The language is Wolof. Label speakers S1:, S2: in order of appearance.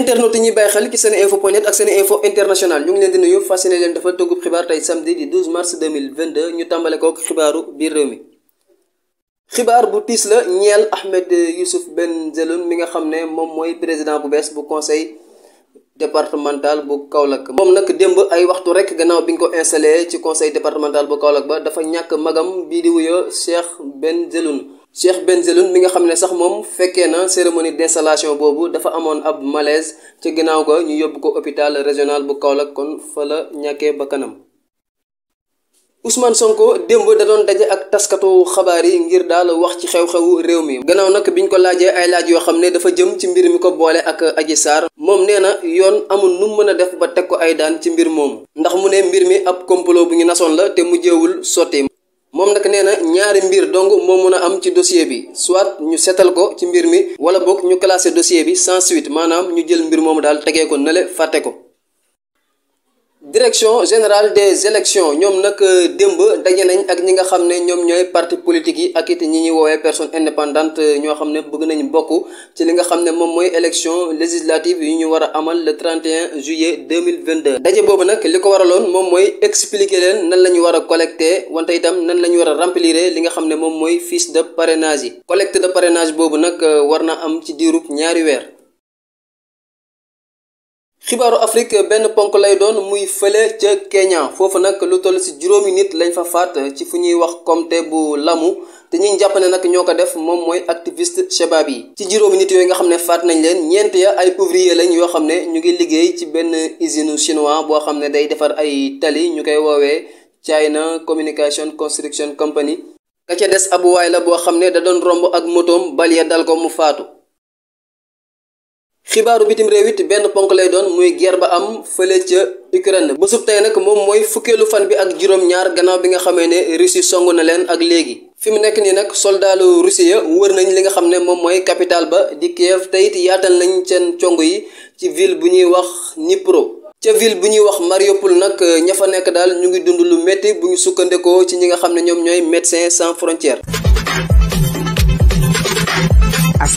S1: internet yi ñuy bàyyi xel ci seen info point net ak seen info international ñu ngi leen di nuyu fas yéene leen dafa tëggub xibaar tey samedi di 12 mars ñu tàmbale kook xibaaru biir réew mi xibaar bu tiis la ñeel Ahmed Youssouf Bengelloune mi nga xam ne moom mooy président bu bees bu conseil départemental bu Kaolack moom nag démb ay waxtu rek gannaaw bi nga ko installé ci conseil départemental bu Kaolack ba dafa ñàkk magam bii di wuyoo Cheikh Bengelloune Cheikh Benzeloun mi nga xam ne sax moom fekkee na cérémonie d'installation boobu dafa amoon ab malaise ca ginnaaw ko ñu yóbbu ko hôpital régional bu kaw Kaolack kon fa la ñàkkee bakkanam Ousmane Sonko démb da doon daje ak taskatu xabaar yi ngir daal wax ci xew-xewu réew mi gannaaw nag ñu ko laajee ay laaj yoo xam ne dafa jëm ci mbir mi ko boole ak aji saar moom nee na yoon amul nu mën a def ba teg ko ay daan ci mbir moom ndax mu ne mbir mi ab complot bu ñu nasoon la te mujjeewul sotti moom nag nee na ñaari mbir dong moo mun a am ci dossier bi soit ñu seetal ko ci mbir mi wala boog ñu classé dossier bi sans suite maanaam ñu jël mbir moomu daal tegee ko nale fàtte ko direction générale de élections ñoom nag euh, démb daje nañ ak ñi nga xam ne ñoom ñooy parti politique yi ak it ñi ñuy woowee personne indépendante euh, ñoo xam ne bëgg nañu bokk ci li nga xam ne moom mooy élection législative yu ñu war a amal le 31 juillet 2022. daje boobu nag li ko waraloon moom mooy expliqué leen nan la ñu war a collecter wante itam nan la ñu war a remplir li nga xam ne moom mooy fiche de parrainage yi collecte de parrainage boobu nag euh, war na am ci diirub ñaari weer. xibaaru Afrique benn ponk lay doon muy fële ca Kenya foofa nag lu toll ci juróomi nit lañ fa faat ci fu ñuy wax comté bu Lamu te ñi jàpp nag ñoo ko def moom mooy activiste Shabab yi ci juróomi nit yooyu nga xam ne faat nañ leen ñeent ya ay ouvrier lañ yoo xam ne ñu ngi liggéey ci benn usine chinois boo xam ne day defar ay tali ñu koy woowee China Communication Construction Company ka ca des ab waay la boo xam ne da doon romb ak motoom bal dal ko mu faatu xibaaru bitim réew it benn ponk lay doon muy guerre ba am fële ca Ukraine bésub tey nag moom mooy fukkeelu fan bi ak juróom-ñaar gannaaw bi nga xamee ne Russie song na leen ak léegi fi mu nekk nii nag soldaalu Russie ya wër nañ li nga xam ne moom mooy capital ba di Kiev te it yaatal nañ seen cong yi ci ville bu ñuy wax Dnipro ca ville bu ñuy wax Mariupol nag ña fa nekk daal ñu ngi dund lu métti bu ñu sukkandikoo ci ñi nga xam ne ñoom ñooy médecins sans frontières